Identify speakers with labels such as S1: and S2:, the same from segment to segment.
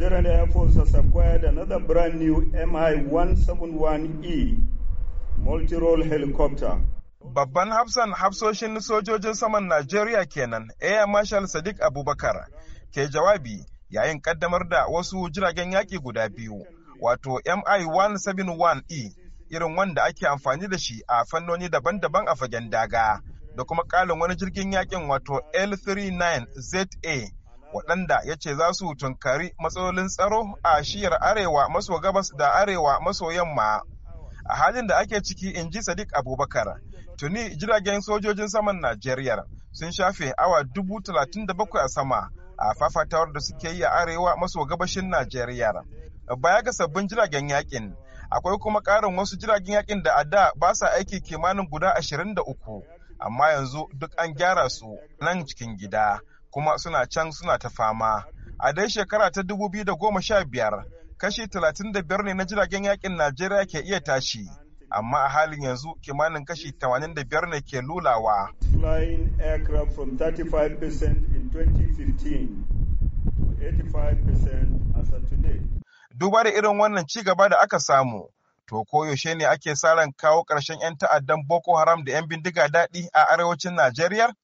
S1: Nigerian Air Force has acquired another brand new MI-171E e multi-role helicopter. Babban hafsan hafsoshin sojojin saman Najeriya kenan Air Marshal Sadiq Abubakar ke jawabi yayin kaddamar da wasu jiragen yaƙi guda biyu wato MI-171E e, irin wanda ake amfani da shi a fannoni daban-daban a fagen daga da kuma kalin wani jirgin yaƙin wato L-39ZA waɗanda ya ce za su tunkari matsalolin tsaro a shiyar arewa maso gabas da arewa maso yamma a halin da ake ciki in ji sadiq abubakar tuni jiragen sojojin saman najeriya sun shafe awa dubu talatin da bakwai a sama a fafatawar da suke yi a arewa maso gabashin najeriya baya ga sabbin jiragen yakin akwai kuma ƙarin wasu jiragen yakin da a da ba sa aiki kimanin guda ashirin da uku amma yanzu duk an gyara su nan cikin gida kuma suna can suna ta fama a dai shekara ta 2015 kashi 35 ne na jiragen yakin najeriya ke iya tashi amma a halin yanzu kimanin kashi 85 ne ke lulawa duba da irin wannan ci gaba da aka samu to koyaushe ne ake sa ran kawo ƙarshen 'yan ta'addan boko haram da 'yan bindiga daɗi a arewacin najeriya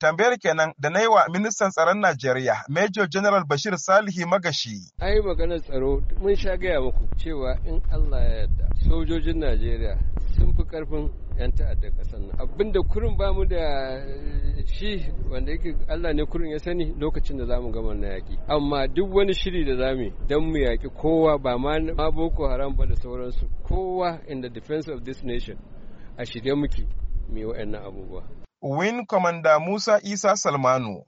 S1: Tambayar kenan da na yi wa ministan tsaron Najeriya, Major General Bashir Salihi Magashi.
S2: Ai maganar tsaro mun sha gaya muku cewa in Allah ya yarda sojojin Najeriya sun fi karfin 'yan ta'adda ƙasar nan abinda kurin mu da eh, shi wanda yake Allah ne kurin ya sani lokacin da zamu gama na yaƙi amma duk wani shiri da mu don mu yaƙi kowa ba ma boko haram ba da sauransu kowa in the defense of this nation a shirye muke mai wa'annan abubuwa
S1: Win komanda Musa Isa Salmanu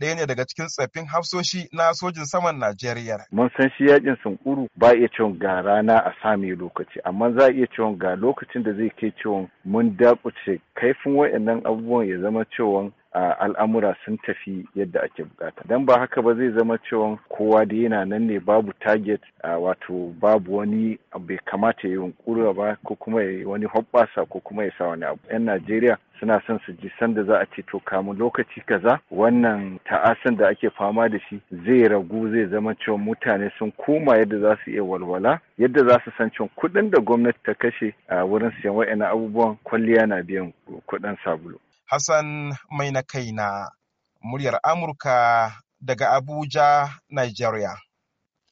S1: ɗaya ne daga cikin tsaffin hafsoshi na sojin saman Najeriya.
S3: Mun san shi yakin sunkuru ba iya cewa ga rana a sami lokaci amma za a iya cewa ga lokacin da zai kai cewa mun dakuce kaifin wayannan abubuwan ya zama cewa al'amura sun tafi yadda ake bukata don ba haka ba zai zama cewa kowa da yana nan ne babu target wato babu wani bai kamata ya yi ba ko kuma ya wani hoɓɓasa ko kuma ya sa wani abu yan najeriya suna son su ji sanda za a ce to kamun lokaci kaza wannan ta'asan da ake fama da shi zai ragu zai zama cewa mutane sun koma yadda za su iya walwala yadda za su san cewa kuɗin da gwamnati ta kashe a wurin siyan wa'ina abubuwan kwalliya na biyan kuɗin sabulu.
S1: Hassan mai na kai na muryar Amurka daga Abuja, Nigeria.